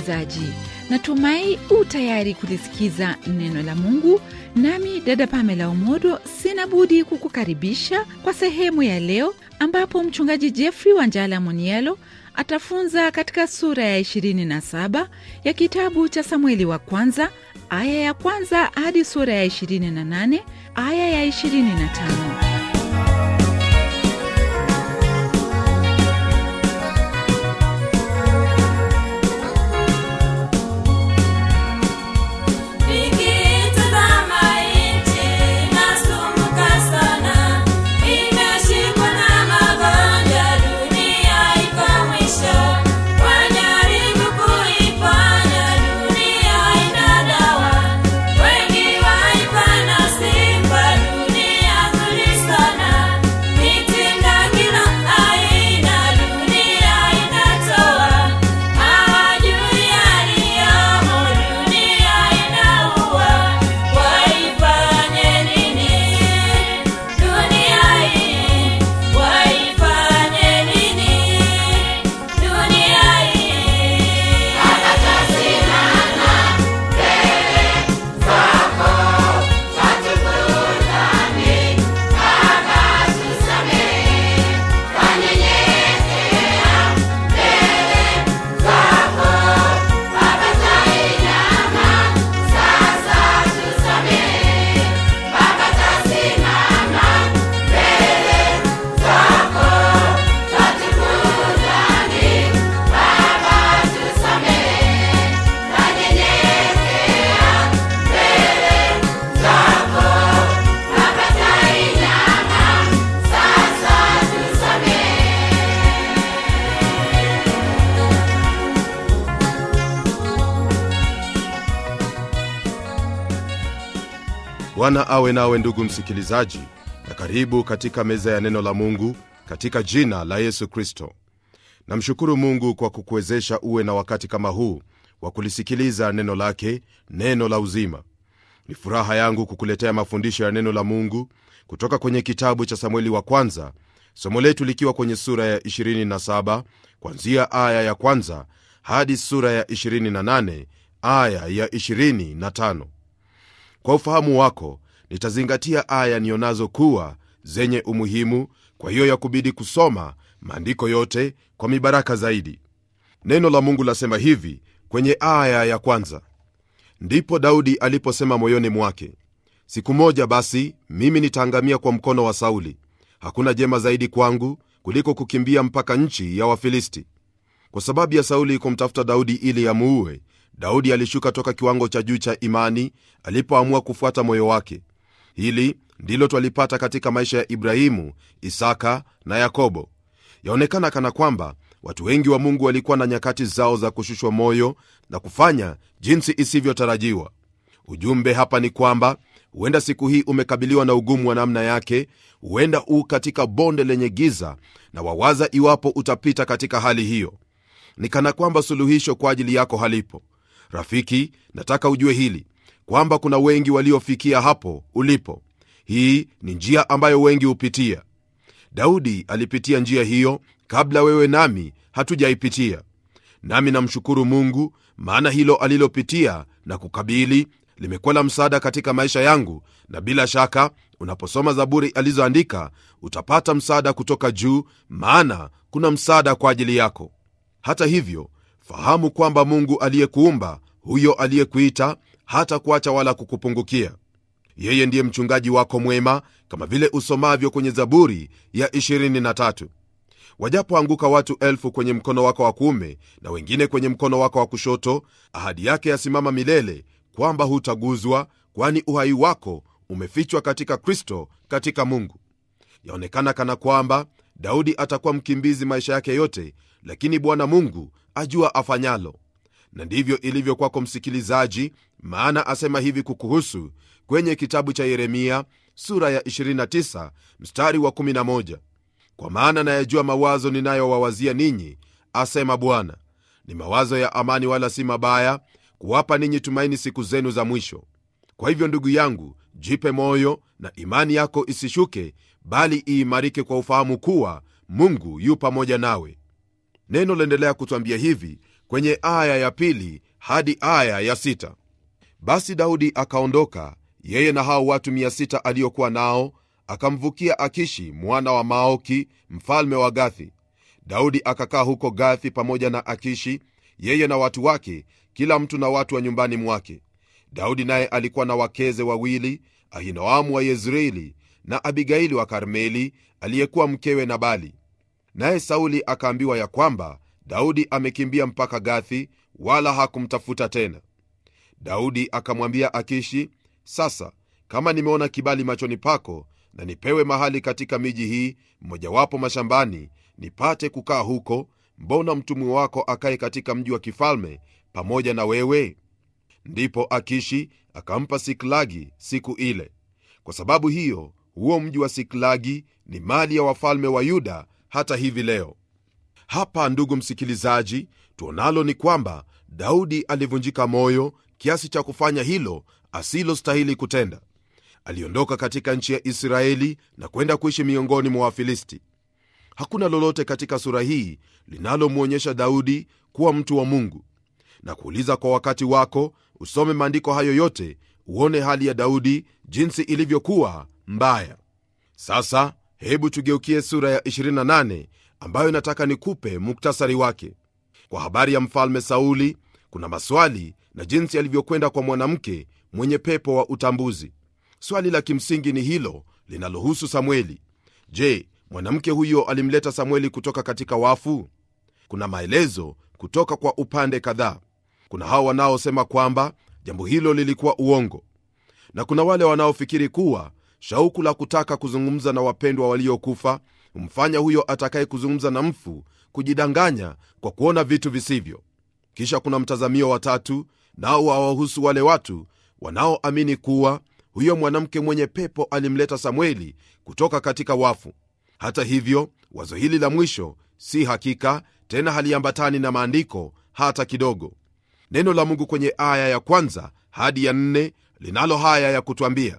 Msikilizaji, natumai u tayari kulisikiza neno la Mungu, nami dada Pamela umodo sina budi kukukaribisha kwa sehemu ya leo, ambapo mchungaji Jeffrey Wanjala Munielo atafunza katika sura ya 27 ya kitabu cha Samueli wa kwanza aya ya kwanza hadi sura ya 28 aya ya 25. Bwana awe nawe ndugu msikilizaji, na karibu katika meza ya neno la Mungu katika jina la Yesu Kristo. Namshukuru Mungu kwa kukuwezesha uwe na wakati kama huu wa kulisikiliza neno lake, neno la uzima. Ni furaha yangu kukuletea mafundisho ya neno la Mungu kutoka kwenye kitabu cha Samueli wa kwanza, somo letu likiwa kwenye sura ya 27 kwanzia aya ya kwanza hadi sura ya 28 aya ya 25 kwa ufahamu wako nitazingatia aya nionazo kuwa zenye umuhimu kwa hiyo yakubidi kusoma maandiko yote kwa mibaraka zaidi neno la mungu lasema hivi kwenye aya ya kwanza ndipo daudi aliposema moyoni mwake siku moja basi mimi nitaangamia kwa mkono wa sauli hakuna jema zaidi kwangu kuliko kukimbia mpaka nchi ya wafilisti kwa sababu ya sauli kumtafuta daudi ili amuue Daudi alishuka toka kiwango cha juu cha imani alipoamua kufuata moyo wake. Hili ndilo twalipata katika maisha ya Ibrahimu, Isaka na Yakobo. Yaonekana kana kwamba watu wengi wa Mungu walikuwa na nyakati zao za kushushwa moyo na kufanya jinsi isivyotarajiwa. Ujumbe hapa ni kwamba huenda siku hii umekabiliwa na ugumu wa namna yake, huenda u katika bonde lenye giza na wawaza iwapo utapita katika hali hiyo. Ni kana kwamba suluhisho kwa ajili yako halipo. Rafiki, nataka ujue hili kwamba kuna wengi waliofikia hapo ulipo. Hii ni njia ambayo wengi hupitia. Daudi alipitia njia hiyo kabla wewe nami hatujaipitia. Nami namshukuru Mungu, maana hilo alilopitia na kukabili limekuwa la msaada katika maisha yangu, na bila shaka unaposoma Zaburi alizoandika utapata msaada kutoka juu, maana kuna msaada kwa ajili yako. Hata hivyo fahamu kwamba Mungu aliyekuumba huyo aliyekuita hata kuacha wala kukupungukia. Yeye ndiye mchungaji wako mwema, kama vile usomavyo kwenye Zaburi ya 23: wajapoanguka watu elfu kwenye mkono wako wa kuume na wengine kwenye mkono wako wa kushoto, ahadi yake yasimama milele, kwamba hutaguzwa, kwani uhai wako umefichwa katika Kristo, katika Mungu. Yaonekana kana kwamba Daudi atakuwa mkimbizi maisha yake yote, lakini Bwana Mungu ajua afanyalo na ndivyo ilivyo kwako msikilizaji maana asema hivi kukuhusu kwenye kitabu cha yeremia sura ya 29 mstari wa 11 kwa maana nayajua mawazo ninayowawazia ninyi asema bwana ni mawazo ya amani wala si mabaya kuwapa ninyi tumaini siku zenu za mwisho kwa hivyo ndugu yangu jipe moyo na imani yako isishuke bali iimarike kwa ufahamu kuwa mungu yu pamoja nawe neno laendelea kutwambia hivi kwenye aya ya pili hadi aya ya sita basi daudi akaondoka yeye na hao watu 6 aliyokuwa nao akamvukia akishi mwana wa maoki mfalme wa gathi daudi akakaa huko gathi pamoja na akishi yeye na watu wake kila mtu na watu wa nyumbani mwake daudi naye alikuwa na wakeze wawili ahinoamu wa yezreeli na abigaili wa karmeli aliyekuwa mkewe nabali naye Sauli akaambiwa ya kwamba Daudi amekimbia mpaka Gathi, wala hakumtafuta tena. Daudi akamwambia Akishi, sasa kama nimeona kibali machoni pako, na nipewe mahali katika miji hii mmojawapo mashambani, nipate kukaa huko, mbona mtumwi wako akaye katika mji wa kifalme pamoja na wewe? Ndipo Akishi akampa Siklagi siku ile. Kwa sababu hiyo, huo mji wa Siklagi ni mali ya wafalme wa Yuda hata hivi leo. Hapa ndugu msikilizaji, tuonalo ni kwamba Daudi alivunjika moyo kiasi cha kufanya hilo asilostahili kutenda. Aliondoka katika nchi ya Israeli na kwenda kuishi miongoni mwa Wafilisti. Hakuna lolote katika sura hii linalomwonyesha Daudi kuwa mtu wa Mungu. Na kuuliza kwa wakati wako usome maandiko hayo yote, uone hali ya Daudi jinsi ilivyokuwa mbaya. Sasa hebu tugeukie sura ya 28 ambayo inataka nikupe muktasari wake kwa habari ya mfalme sauli kuna maswali na jinsi alivyokwenda kwa mwanamke mwenye pepo wa utambuzi swali la kimsingi ni hilo linalohusu samueli je mwanamke huyo alimleta samueli kutoka katika wafu kuna maelezo kutoka kwa upande kadhaa kuna hao wanaosema kwamba jambo hilo lilikuwa uongo na kuna wale wanaofikiri kuwa shauku la kutaka kuzungumza na wapendwa waliokufa humfanya huyo atakaye kuzungumza na mfu kujidanganya kwa kuona vitu visivyo. Kisha kuna mtazamio watatu, nao hawahusu wale watu wanaoamini kuwa huyo mwanamke mwenye pepo alimleta samueli kutoka katika wafu. Hata hivyo, wazo hili la mwisho si hakika tena, haliambatani na maandiko hata kidogo. Neno la Mungu kwenye aya ya kwanza hadi ya nne linalo haya ya kutwambia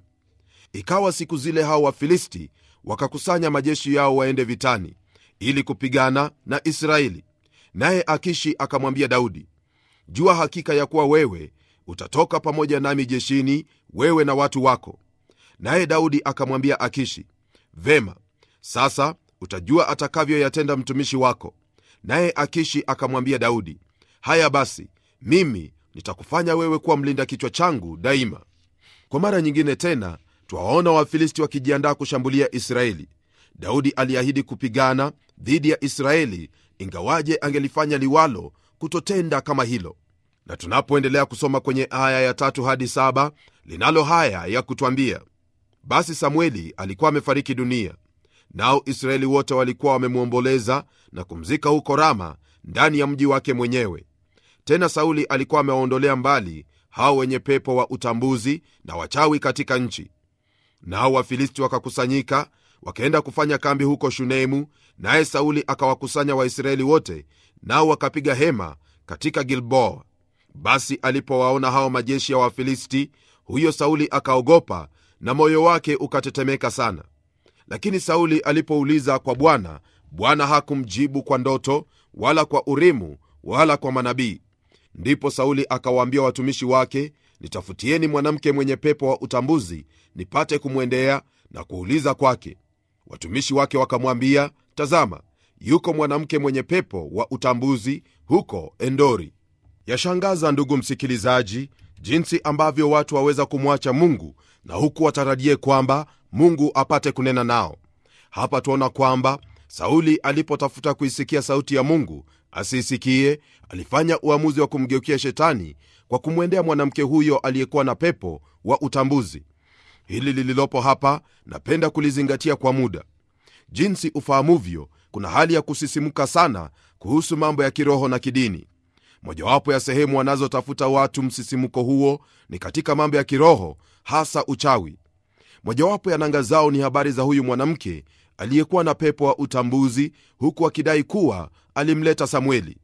Ikawa siku zile hao Wafilisti wakakusanya majeshi yao waende vitani ili kupigana na Israeli. Naye Akishi akamwambia Daudi, jua hakika ya kuwa wewe utatoka pamoja nami jeshini, wewe na watu wako. Naye Daudi akamwambia Akishi, vema, sasa utajua atakavyoyatenda mtumishi wako. Naye Akishi akamwambia Daudi, haya basi, mimi nitakufanya wewe kuwa mlinda kichwa changu daima. Kwa mara nyingine tena twawaona wafilisti wakijiandaa kushambulia israeli daudi aliahidi kupigana dhidi ya israeli ingawaje angelifanya liwalo kutotenda kama hilo na tunapoendelea kusoma kwenye aya ya tatu hadi saba linalo haya ya kutwambia basi samueli alikuwa amefariki dunia nao israeli wote walikuwa wamemwomboleza na kumzika huko rama ndani ya mji wake mwenyewe tena sauli alikuwa amewaondolea mbali hao wenye pepo wa utambuzi na wachawi katika nchi nao wafilisti wakakusanyika wakaenda kufanya kambi huko shuneimu naye sauli akawakusanya waisraeli wote nao wakapiga hema katika gilboa basi alipowaona hao majeshi ya wafilisti huyo sauli akaogopa na moyo wake ukatetemeka sana lakini sauli alipouliza kwa bwana bwana hakumjibu kwa ndoto wala kwa urimu wala kwa manabii ndipo sauli akawaambia watumishi wake nitafutieni mwanamke mwenye pepo wa utambuzi nipate kumwendea na kuuliza kwake. Watumishi wake wakamwambia, tazama, yuko mwanamke mwenye pepo wa utambuzi huko Endori. Yashangaza ndugu msikilizaji, jinsi ambavyo watu waweza kumwacha Mungu na huku watarajie kwamba Mungu apate kunena nao. Hapa tuona kwamba Sauli alipotafuta kuisikia sauti ya Mungu asiisikie, alifanya uamuzi wa kumgeukia Shetani kwa kumwendea mwanamke huyo aliyekuwa na pepo wa utambuzi. Hili lililopo hapa napenda kulizingatia kwa muda. Jinsi ufahamuvyo, kuna hali ya kusisimuka sana kuhusu mambo ya kiroho na kidini. Mojawapo ya sehemu wanazotafuta watu msisimuko huo ni katika mambo ya kiroho, hasa uchawi. Mojawapo ya nanga zao ni habari za huyu mwanamke aliyekuwa na pepo wa utambuzi, huku akidai kuwa alimleta Samueli.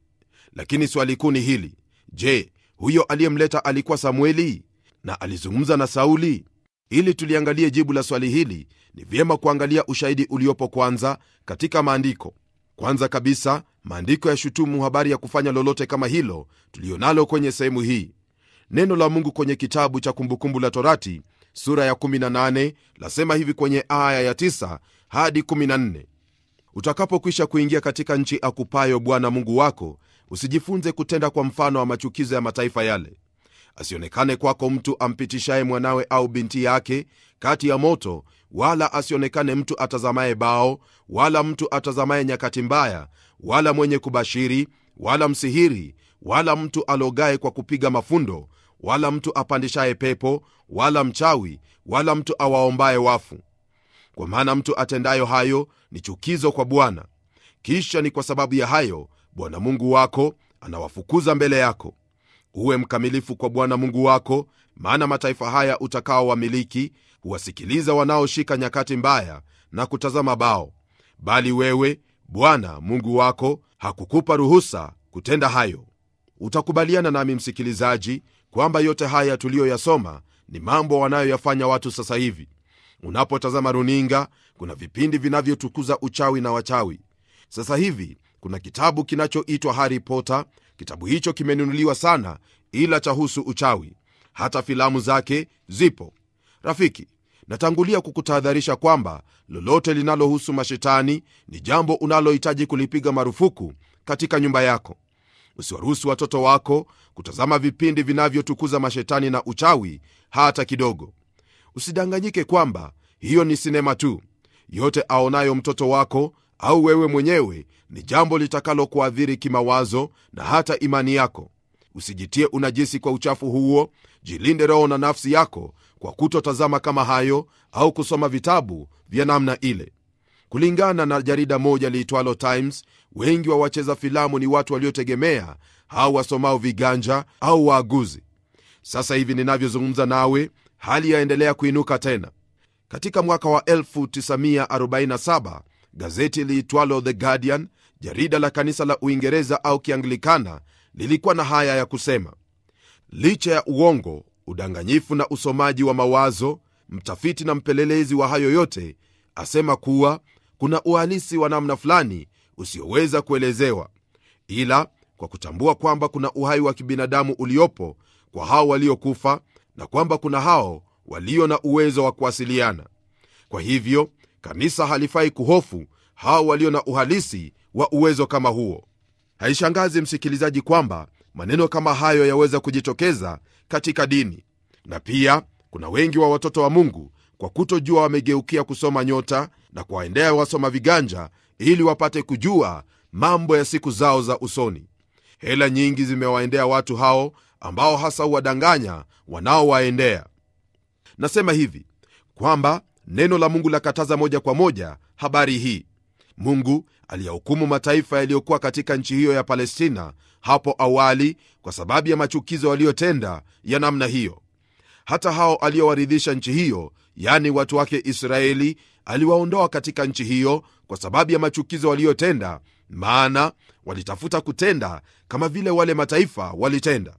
Lakini swali kuu ni hili: je, huyo aliyemleta alikuwa Samueli na alizungumza na Sauli? Ili tuliangalie jibu la swali hili, ni vyema kuangalia ushahidi uliopo kwanza katika maandiko. Kwanza kabisa, maandiko ya shutumu habari ya kufanya lolote kama hilo nalo kwenye sehemu hii. Neno la Mungu kwenye kitabu cha Kumbukumbu la Torati sura ya 18 lasema hivi kwenye aya ya 9 hadi 14: utakapokwisha kuingia katika nchi akupayo Bwana Mungu wako usijifunze kutenda kwa mfano wa machukizo ya mataifa yale. Asionekane kwako mtu ampitishaye mwanawe au binti yake kati ya moto, wala asionekane mtu atazamaye bao, wala mtu atazamaye nyakati mbaya, wala mwenye kubashiri, wala msihiri, wala mtu alogaye kwa kupiga mafundo, wala mtu apandishaye pepo, wala mchawi, wala mtu awaombaye wafu. Kwa maana mtu atendayo hayo ni chukizo kwa Bwana. Kisha ni kwa sababu ya hayo Bwana Mungu wako anawafukuza mbele yako. Uwe mkamilifu kwa Bwana Mungu wako, maana mataifa haya utakaowamiliki huwasikiliza wanaoshika nyakati mbaya na kutazama bao, bali wewe Bwana Mungu wako hakukupa ruhusa kutenda hayo. Utakubaliana nami msikilizaji, kwamba yote haya tuliyoyasoma ni mambo wanayoyafanya watu sasa hivi. Unapotazama runinga, kuna vipindi vinavyotukuza uchawi na wachawi. Sasa hivi kuna kitabu kinachoitwa harry potter kitabu hicho kimenunuliwa sana ila chahusu uchawi hata filamu zake zipo rafiki natangulia kukutahadharisha kwamba lolote linalohusu mashetani ni jambo unalohitaji kulipiga marufuku katika nyumba yako usiwaruhusu watoto wako kutazama vipindi vinavyotukuza mashetani na uchawi hata kidogo usidanganyike kwamba hiyo ni sinema tu yote aonayo mtoto wako au wewe mwenyewe ni jambo litakalokuathiri kimawazo na hata imani yako. Usijitie unajisi kwa uchafu huo. Jilinde roho na nafsi yako kwa kutotazama kama hayo au kusoma vitabu vya namna ile. Kulingana na jarida moja liitwalo Times, wengi wa wacheza filamu ni watu waliotegemea au wasomao viganja au waaguzi. Sasa hivi ninavyozungumza nawe, hali yaendelea kuinuka tena. Katika mwaka wa Gazeti liitwalo The Guardian, jarida la kanisa la Uingereza au Kianglikana, lilikuwa na haya ya kusema: licha ya uongo, udanganyifu na usomaji wa mawazo, mtafiti na mpelelezi wa hayo yote asema kuwa kuna uhalisi wa namna fulani usioweza kuelezewa, ila kwa kutambua kwamba kuna uhai wa kibinadamu uliopo kwa hao waliokufa na kwamba kuna hao walio na uwezo wa kuwasiliana. Kwa hivyo kanisa halifai kuhofu hao walio na uhalisi wa uwezo kama huo haishangazi msikilizaji kwamba maneno kama hayo yaweza kujitokeza katika dini na pia kuna wengi wa watoto wa mungu kwa kutojua wamegeukia kusoma nyota na kuwaendea wasoma viganja ili wapate kujua mambo ya siku zao za usoni hela nyingi zimewaendea watu hao ambao hasa huwadanganya wanaowaendea nasema hivi kwamba Neno la Mungu lakataza moja kwa moja habari hii. Mungu aliyahukumu mataifa yaliyokuwa katika nchi hiyo ya Palestina hapo awali kwa sababu ya machukizo waliyotenda ya namna hiyo. Hata hao aliyowaridhisha nchi hiyo, yaani watu wake Israeli, aliwaondoa katika nchi hiyo kwa sababu ya machukizo waliyotenda, maana walitafuta kutenda kama vile wale mataifa walitenda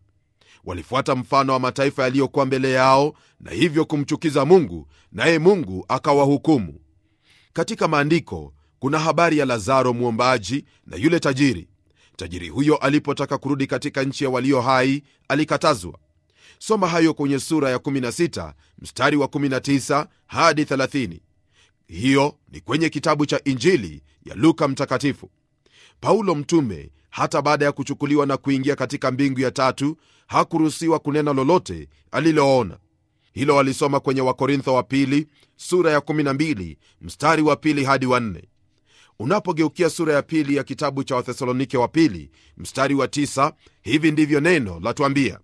walifuata mfano wa mataifa yaliyokuwa mbele yao na hivyo kumchukiza Mungu, naye Mungu akawahukumu. Katika maandiko kuna habari ya Lazaro mwombaji na yule tajiri. Tajiri huyo alipotaka kurudi katika nchi ya walio hai alikatazwa. Soma hayo kwenye sura ya 16 mstari wa 19 hadi 30. Hiyo ni kwenye kitabu cha Injili ya Luka Mtakatifu. Paulo mtume hata baada ya kuchukuliwa na kuingia katika mbingu ya tatu hakuruhusiwa kunena lolote aliloona hilo walisoma kwenye wakorintho wa pili sura ya 12 mstari wa pili hadi wanne unapogeukia sura ya pili ya kitabu cha wathesalonike wa pili mstari wa tisa hivi ndivyo neno latuambia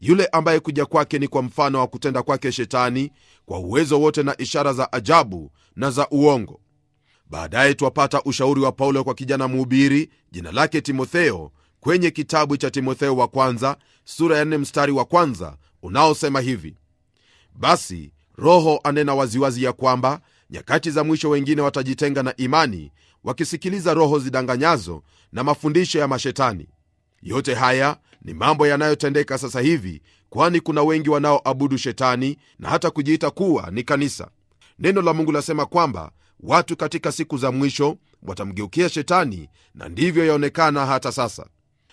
yule ambaye kuja kwake ni kwa mfano wa kutenda kwake shetani kwa uwezo wote na ishara za ajabu na za uongo baadaye twapata ushauri wa paulo kwa kijana mhubiri jina lake timotheo kwenye kitabu cha timotheo wa kwanza sura ya 4 mstari wa kwanza unaosema hivi basi roho anena waziwazi ya kwamba nyakati za mwisho wengine watajitenga na imani wakisikiliza roho zidanganyazo na mafundisho ya mashetani yote haya ni mambo yanayotendeka sasa hivi kwani kuna wengi wanaoabudu shetani na hata kujiita kuwa ni kanisa neno la mungu lasema kwamba watu katika siku za mwisho watamgeukia shetani na ndivyo yaonekana hata sasa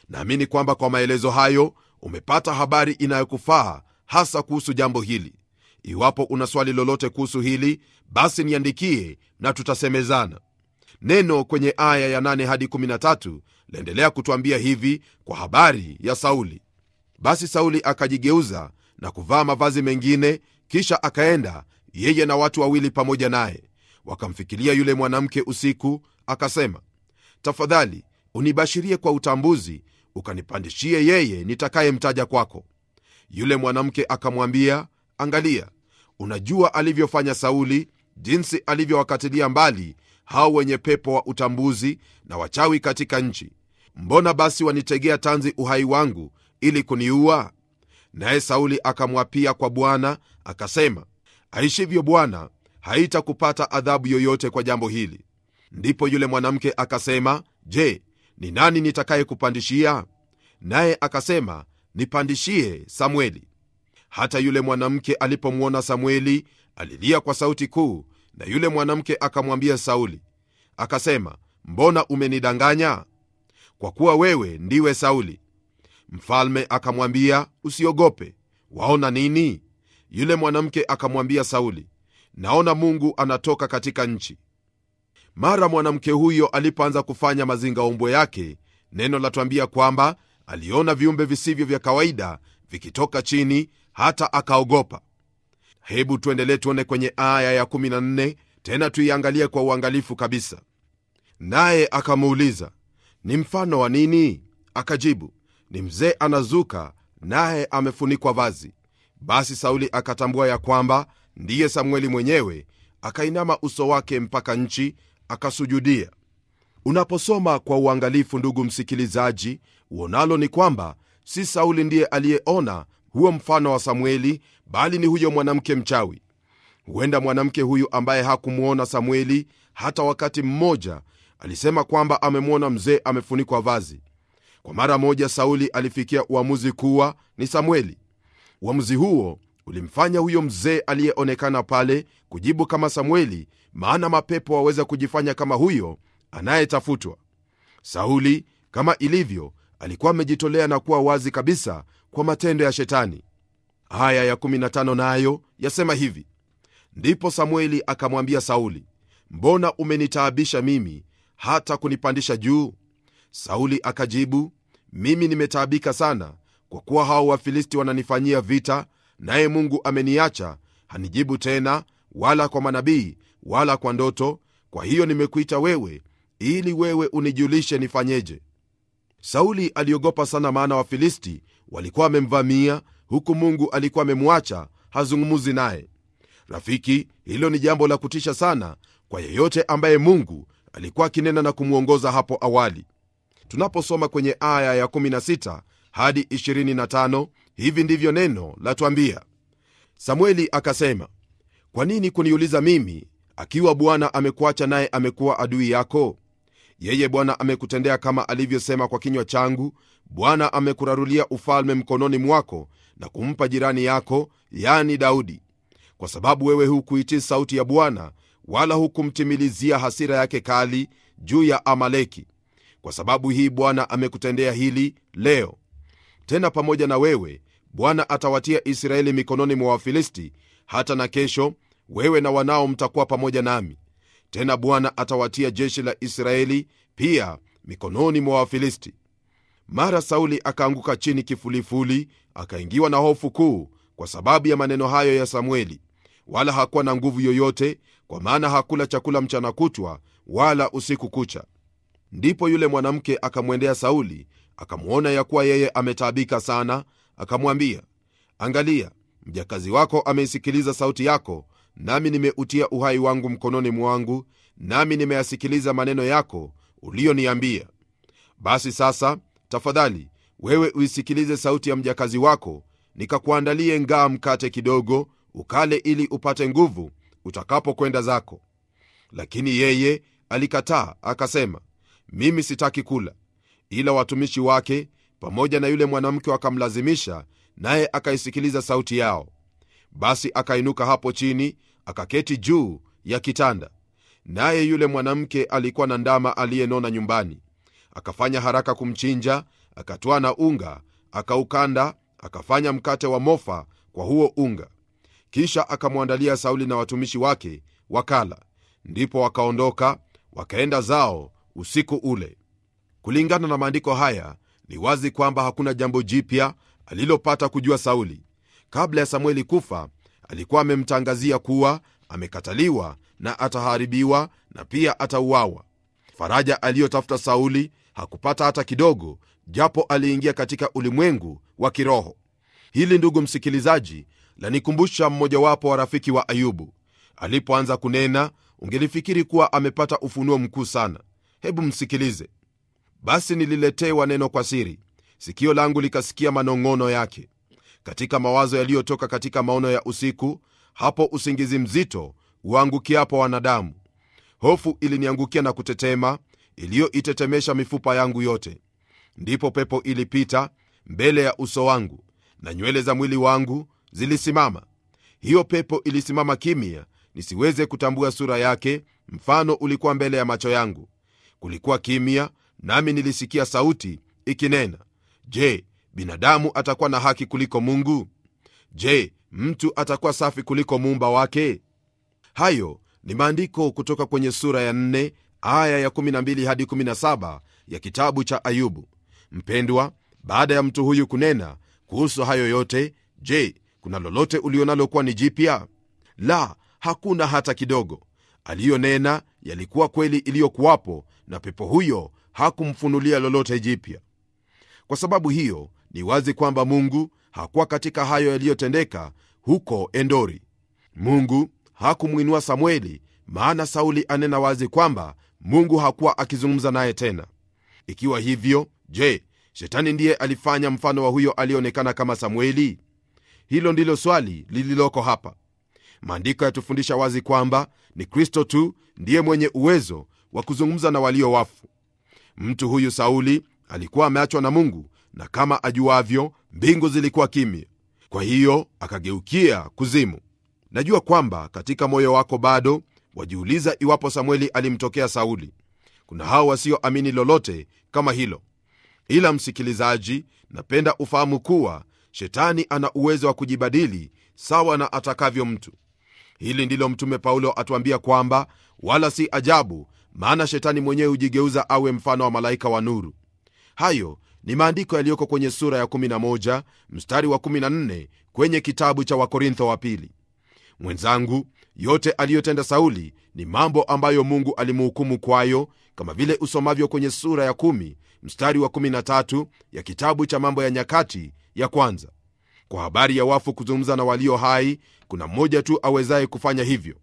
naamini kwamba kwa maelezo hayo umepata habari inayokufaa hasa kuhusu jambo hili iwapo una swali lolote kuhusu hili basi niandikie na tutasemezana neno kwenye aya ya 8 hadi 13 laendelea kutuambia hivi kwa habari ya sauli basi sauli akajigeuza na kuvaa mavazi mengine kisha akaenda yeye na watu wawili pamoja naye wakamfikilia yule mwanamke usiku akasema tafadhali unibashirie kwa utambuzi ukanipandishie yeye nitakayemtaja kwako yule mwanamke akamwambia angalia unajua alivyofanya sauli jinsi alivyowakatilia mbali hao wenye pepo wa utambuzi na wachawi katika nchi mbona basi wanitegea tanzi uhai wangu ili kuniua naye sauli akamwapia kwa bwana akasema aishivyo bwana haitakupata adhabu yoyote kwa jambo hili. Ndipo yule mwanamke akasema, Je, ni nani nitakayekupandishia? Naye akasema, nipandishie Samweli. Hata yule mwanamke alipomwona Samweli alilia kwa sauti kuu, na yule mwanamke akamwambia Sauli. Akasema, mbona umenidanganya? Kwa kuwa wewe ndiwe Sauli. Mfalme akamwambia, usiogope, waona nini? Yule mwanamke akamwambia Sauli, naona Mungu anatoka katika nchi. Mara mwanamke huyo alipoanza kufanya ombwe yake, neno latwambia kwamba aliona viumbe visivyo vya kawaida vikitoka chini, hata akaogopa. Hebu tuendelee tuone kwenye aya ya 14, tena tuiangalie kwa uangalifu kabisa. Naye akamuuliza ni mfano wa nini? Akajibu, ni mzee anazuka, naye amefunikwa vazi. Basi Sauli akatambua ya kwamba Ndiye Samueli mwenyewe akainama uso wake mpaka nchi akasujudia. Unaposoma kwa uangalifu, ndugu msikilizaji, uonalo ni kwamba si Sauli ndiye aliyeona huo mfano wa Samueli, bali ni huyo mwanamke mchawi. Huenda mwanamke huyu ambaye hakumwona Samueli hata wakati mmoja alisema kwamba amemwona mzee amefunikwa vazi. Kwa mara moja Sauli alifikia uamuzi kuwa ni Samueli. Uamuzi huo ulimfanya huyo mzee aliyeonekana pale kujibu kama Samueli, maana mapepo waweza kujifanya kama huyo anayetafutwa. Sauli kama ilivyo, alikuwa amejitolea na kuwa wazi kabisa kwa matendo ya Shetani. Aya ya 15 nayo yasema hivi: ndipo Samueli akamwambia Sauli, mbona umenitaabisha mimi hata kunipandisha juu? Sauli akajibu, mimi nimetaabika sana, kwa kuwa hao Wafilisti wananifanyia vita naye Mungu ameniacha, hanijibu tena, wala kwa manabii wala kwa ndoto. Kwa hiyo nimekuita wewe, ili wewe unijulishe nifanyeje. Sauli aliogopa sana, maana Wafilisti walikuwa wamemvamia, huku Mungu alikuwa amemwacha hazungumuzi naye. Rafiki, hilo ni jambo la kutisha sana kwa yeyote ambaye Mungu alikuwa akinena na kumwongoza hapo awali. Tunaposoma kwenye aya ya 16 hadi hivi ndivyo neno la twambia Samueli akasema, kwa nini kuniuliza mimi, akiwa Bwana amekuacha naye amekuwa adui yako? Yeye Bwana amekutendea kama alivyosema kwa kinywa changu. Bwana amekurarulia ufalme mkononi mwako na kumpa jirani yako, yani Daudi, kwa sababu wewe hukuitii sauti ya Bwana wala hukumtimilizia hasira yake kali juu ya Amaleki. Kwa sababu hii Bwana amekutendea hili leo. Tena pamoja na wewe Bwana atawatia Israeli mikononi mwa Wafilisti, hata na kesho wewe na wanao mtakuwa pamoja nami. Tena Bwana atawatia jeshi la Israeli pia mikononi mwa Wafilisti. Mara Sauli akaanguka chini kifulifuli, akaingiwa na hofu kuu kwa sababu ya maneno hayo ya Samueli, wala hakuwa na nguvu yoyote, kwa maana hakula chakula mchana kutwa wala usiku kucha. Ndipo yule mwanamke akamwendea Sauli, akamwona ya kuwa yeye ametaabika sana, akamwambia angalia mjakazi wako ameisikiliza sauti yako nami nimeutia uhai wangu mkononi mwangu nami nimeyasikiliza maneno yako uliyoniambia basi sasa tafadhali wewe uisikilize sauti ya mjakazi wako nikakuandalie ngaa mkate kidogo ukale ili upate nguvu utakapokwenda zako lakini yeye alikataa akasema mimi sitaki kula ila watumishi wake pamoja na yule mwanamke wakamlazimisha, naye akaisikiliza sauti yao. Basi akainuka hapo chini, akaketi juu ya kitanda, naye yule mwanamke alikuwa na ndama aliyenona nyumbani. Akafanya haraka kumchinja, akatwa na unga, akaukanda, akafanya mkate wa mofa kwa huo unga. Kisha akamwandalia Sauli na watumishi wake, wakala. Ndipo wakaondoka wakaenda zao usiku ule. Kulingana na maandiko haya ni wazi kwamba hakuna jambo jipya alilopata kujua Sauli. Kabla ya Samueli kufa, alikuwa amemtangazia kuwa amekataliwa na ataharibiwa na pia atauawa. Faraja aliyotafuta Sauli hakupata hata kidogo, japo aliingia katika ulimwengu wa kiroho. Hili, ndugu msikilizaji, lanikumbusha mmojawapo wa rafiki wa Ayubu. Alipoanza kunena, ungelifikiri kuwa amepata ufunuo mkuu sana. Hebu msikilize. Basi nililetewa neno kwa siri, sikio langu likasikia manong'ono yake katika mawazo yaliyotoka katika maono ya usiku, hapo usingizi mzito uangukiapo wanadamu. Hofu iliniangukia na kutetema, iliyoitetemesha mifupa yangu yote. Ndipo pepo ilipita mbele ya uso wangu, na nywele za mwili wangu zilisimama. Hiyo pepo ilisimama kimya, nisiweze kutambua sura yake, mfano ulikuwa mbele ya macho yangu. Kulikuwa kimya, nami nilisikia sauti ikinena, Je, binadamu atakuwa na haki kuliko Mungu? Je, mtu atakuwa safi kuliko muumba wake? Hayo ni maandiko kutoka kwenye sura ya 4 aya ya 12 hadi 17 ya kitabu cha Ayubu. Mpendwa, baada ya mtu huyu kunena kuhusu hayo yote, je, kuna lolote ulionalo kuwa ni jipya? La, hakuna hata kidogo. Aliyonena yalikuwa kweli iliyokuwapo, na pepo huyo hakumfunulia lolote jipya. Kwa sababu hiyo, ni wazi kwamba Mungu hakuwa katika hayo yaliyotendeka huko Endori. Mungu hakumwinua Samueli, maana Sauli anena wazi kwamba Mungu hakuwa akizungumza naye tena. Ikiwa hivyo, je, shetani ndiye alifanya mfano wa huyo aliyeonekana kama Samueli? Hilo ndilo swali lililoko hapa. Maandiko yatufundisha wazi kwamba ni Kristo tu ndiye mwenye uwezo wa kuzungumza na walio wafu. Mtu huyu Sauli alikuwa ameachwa na Mungu, na kama ajuavyo, mbingu zilikuwa kimya, kwa hiyo akageukia kuzimu. Najua kwamba katika moyo wako bado wajiuliza iwapo samueli alimtokea Sauli. Kuna hao wasioamini lolote kama hilo, ila msikilizaji, napenda ufahamu kuwa shetani ana uwezo wa kujibadili sawa na atakavyo mtu. Hili ndilo Mtume Paulo atuambia kwamba wala si ajabu maana shetani mwenyewe hujigeuza awe mfano wa malaika wa nuru. Hayo ni maandiko yaliyoko kwenye sura ya 11 mstari wa 14 kwenye kitabu cha Wakorintho wa pili. Mwenzangu, yote aliyotenda Sauli ni mambo ambayo Mungu alimuhukumu kwayo, kama vile usomavyo kwenye sura ya 1 mstari wa 13 ya kitabu cha Mambo ya Nyakati ya kwanza. Kwa habari ya wafu kuzungumza na walio hai, kuna mmoja tu awezaye kufanya hivyo,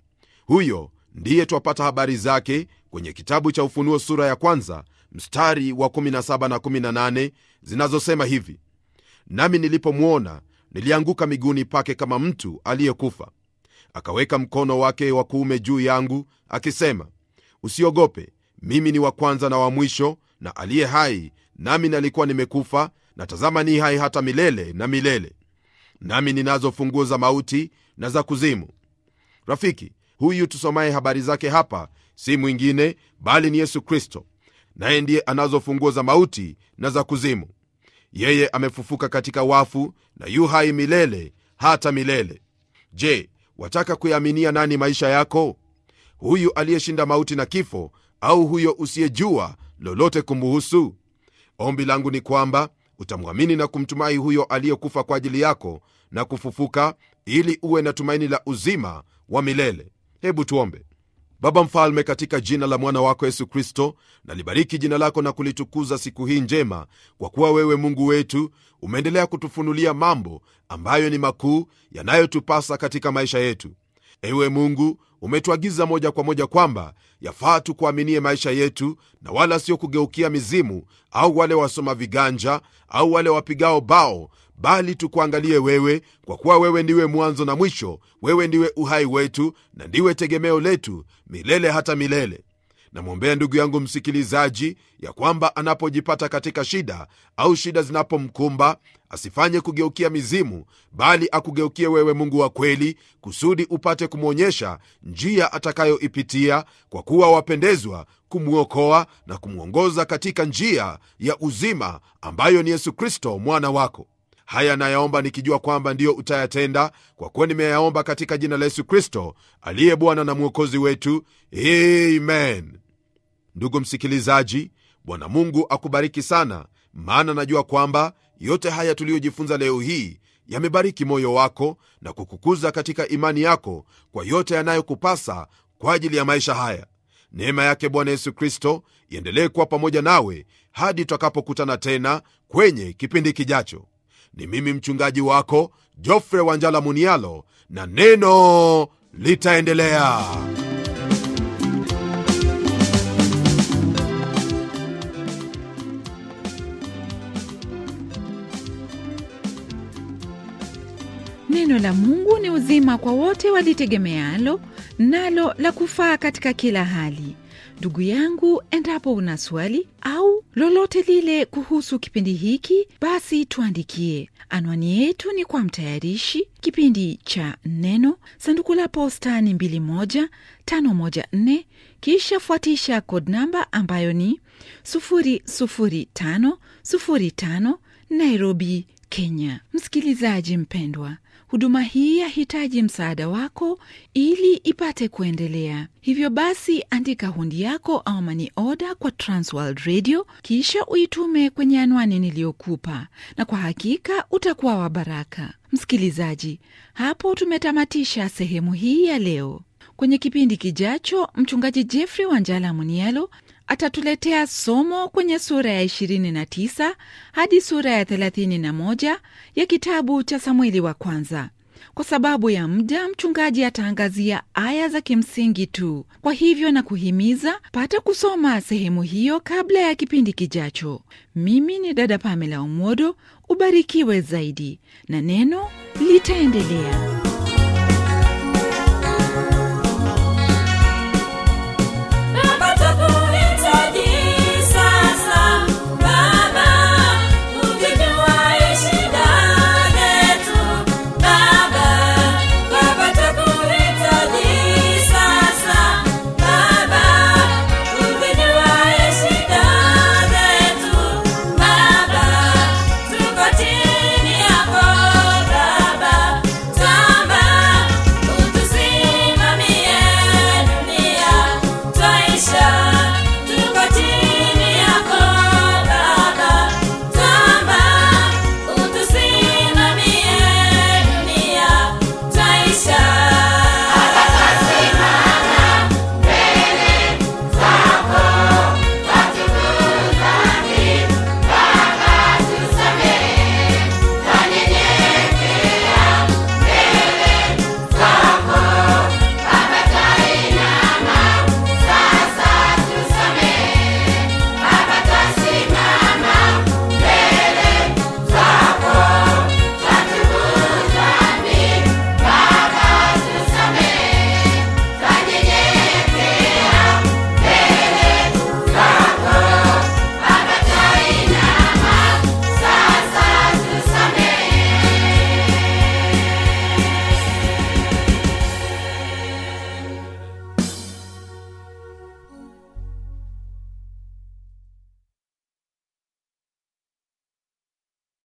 huyo ndiye twapata habari zake kwenye kitabu cha Ufunuo sura ya kwanza mstari wa 17 na 18 zinazosema hivi: nami nilipomwona nilianguka miguuni pake kama mtu aliyekufa. Akaweka mkono wake wa kuume juu yangu akisema, usiogope, mimi ni wa kwanza na wa mwisho na aliye hai, nami nalikuwa nimekufa, na tazama ni hai hata milele na milele, nami ninazo funguo za mauti na za kuzimu. Rafiki huyu tusomaye habari zake hapa si mwingine bali ni Yesu Kristo, naye ndiye anazo funguo za mauti na za kuzimu. Yeye amefufuka katika wafu na yu hai milele hata milele. Je, wataka kuyaaminia nani maisha yako? Huyu aliyeshinda mauti na kifo, au huyo usiyejua lolote kumuhusu Ombi langu ni kwamba utamwamini na kumtumai huyo aliyekufa kwa ajili yako na kufufuka, ili uwe na tumaini la uzima wa milele. Hebu tuombe. Baba Mfalme, katika jina la mwana wako Yesu Kristo, nalibariki jina lako na kulitukuza siku hii njema, kwa kuwa wewe Mungu wetu umeendelea kutufunulia mambo ambayo ni makuu yanayotupasa katika maisha yetu. Ewe Mungu, umetuagiza moja kwa moja kwamba yafaa tukuaminie maisha yetu na wala sio kugeukia mizimu au wale wasoma viganja au wale wapigao bao bali tukuangalie wewe kwa kuwa wewe ndiwe mwanzo na mwisho wewe ndiwe uhai wetu na ndiwe tegemeo letu milele hata milele namwombea ndugu yangu msikilizaji ya kwamba anapojipata katika shida au shida zinapomkumba asifanye kugeukia mizimu bali akugeukie wewe mungu wa kweli kusudi upate kumwonyesha njia atakayoipitia kwa kuwa wapendezwa kumwokoa na kumwongoza katika njia ya uzima ambayo ni yesu kristo mwana wako Haya nayaomba nikijua kwamba ndiyo utayatenda, kwa kuwa nimeyaomba katika jina la Yesu Kristo aliye Bwana na Mwokozi wetu, amen. Ndugu msikilizaji, Bwana Mungu akubariki sana, maana najua kwamba yote haya tuliyojifunza leo hii yamebariki moyo wako na kukukuza katika imani yako kwa yote yanayokupasa kwa ajili ya maisha haya. Neema yake Bwana Yesu Kristo iendelee kuwa pamoja nawe hadi twakapokutana tena kwenye kipindi kijacho. Ni mimi mchungaji wako Jofre Wanjala Munialo, na neno litaendelea. Neno la Mungu ni uzima kwa wote walitegemealo, nalo la kufaa katika kila hali. Ndugu yangu, endapo una swali au lolote lile kuhusu kipindi hiki, basi tuandikie. Anwani yetu ni kwa mtayarishi kipindi cha Neno, sanduku la posta ni 21514, kisha fuatisha kod namba ambayo ni 00505, Nairobi, Kenya. Msikilizaji mpendwa Huduma hii yahitaji msaada wako ili ipate kuendelea. Hivyo basi, andika hundi yako au mani oda kwa Transworld Radio, kisha uitume kwenye anwani niliyokupa, na kwa hakika utakuwa wa baraka. Msikilizaji, hapo tumetamatisha sehemu hii ya leo. Kwenye kipindi kijacho, Mchungaji Jeffrey Wanjala Munialo atatuletea somo kwenye sura ya 29 hadi sura ya 31 ya kitabu cha Samueli wa kwanza. Kwa sababu ya muda, mchungaji ataangazia aya za kimsingi tu. Kwa hivyo na kuhimiza pata kusoma sehemu hiyo kabla ya kipindi kijacho. Mimi ni dada Pamela Omwodo, ubarikiwe zaidi na neno litaendelea.